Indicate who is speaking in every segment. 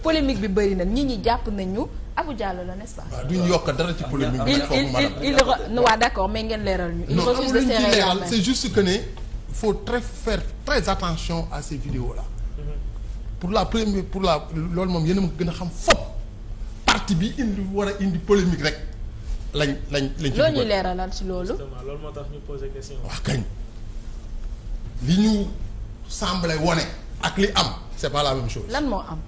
Speaker 1: polémique bi bëri na nit ñi jàpp nañu Abou Diallo la n'est-ce pas.
Speaker 2: duñ yokk dara ci polémique bi. il
Speaker 1: il waaw d'accord mais ngeen leeral ñu. il refuse de se leeral c'est
Speaker 2: juste que ne faut très faire la première pour la loolu moom yéen a ma gën bi indi indi polémique rek lañ lañ lañ. ci loolu ñuy
Speaker 1: leeralal ci loolu. loolu moo tax ñu
Speaker 2: li ñu semblé wone ak li am c'est pas la même chose. lan moo am.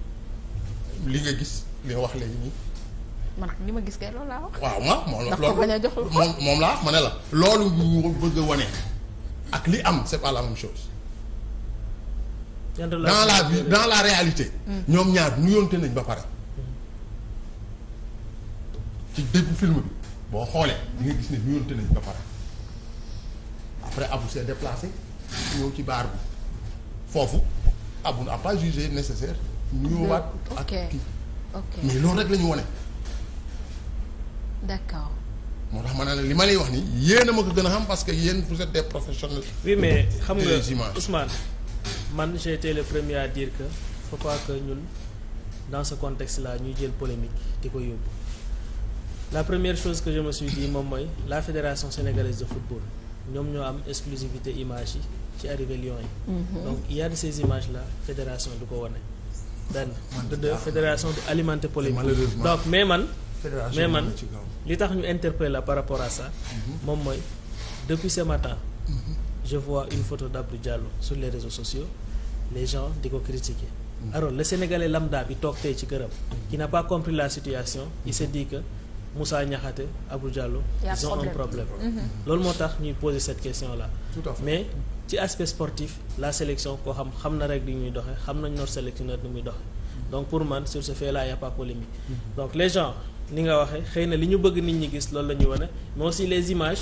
Speaker 2: li nga gis li wax léegi nii. man li ma gis kay loolu laa wax. waaw ma moom la loolu moom moom laa wax ma ne la. loolu ñu bëgg a ak li am c'est pas la même chose.
Speaker 1: la vie dans la
Speaker 2: réalité. Hmm. ñoom ñaar nuyonte nañ ba pare. ci boo xoolee di nga gis ne nuyonte nañ ba pare après déplacé ñëw ci baar bi foofu Abou n'a pas jugé nécessaire. nuyoowaat ak kii mais loolu rek la ñu wane. moo tax ma naa la li ma lay wax nii yéen a ma ko gën a xam parce que yéen vous êtes des professionnels. oui mais xam nga
Speaker 1: Ousmane man j'ai été le premier à dire que faut pas ñun dans ce contexte là ñuy jël polémique di ko yóbbu la première chose que je me suis dit moom mooy la fédération sénégalaise de football ñoom ñoo am exclusivité image yi ci arrivé Lions yi. Mhm. donc il y a de fédération du ko wane. benn de deux fédération di alimenter polémique donc mais man mais man li tax ñu interpeller par rapport à ça mhm. moom mooy depuis ce matin mhm. je vois une photo d'Abdou Diallo sur les réseaux sociaux les gens di ko critiquer mhm. alors le Sénégalais lambda bi toog tey ci këram qui n'a pas compris la situation il s'est dit que Moussa Niakhaté Abdou Diallo ils ont un problème loolu moo tax ñuy poser cette question là mais ci aspect sportif la sélection koo xam xam na rek di ñuy doxee xam nañ notre sélectionneur ni muy doxee donc pour man sur ce fait là y a polémique mm-hmm. donc les gens ni nga waxee xëy na li ñu bëgg nit ñi gis loolu la ñuy wane moo aussi les images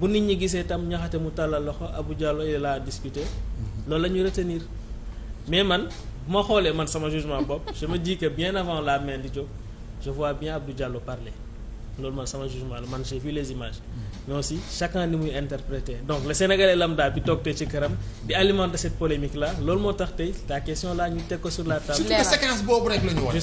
Speaker 1: bu nit ñi gisee tam ñaxate mu tàllal loxo Abou Diallo il a discuté mm-hmm. loolu la ñuy retenir mais man bu ma xoolee man sama jugement bopp je ma dis que bien avant la main di jóg je vois bien Abdou jàllo parler loolu man sama jugement la man j'ai vu les images mais aussi chacun ni muy interpréter donc le sénégalais lambda bi toog tey ci këram di alimenter cette polémique là loolu moo tax tey ta question là ñu teg ko sur la table. surtout que séquence boobu rek la ñu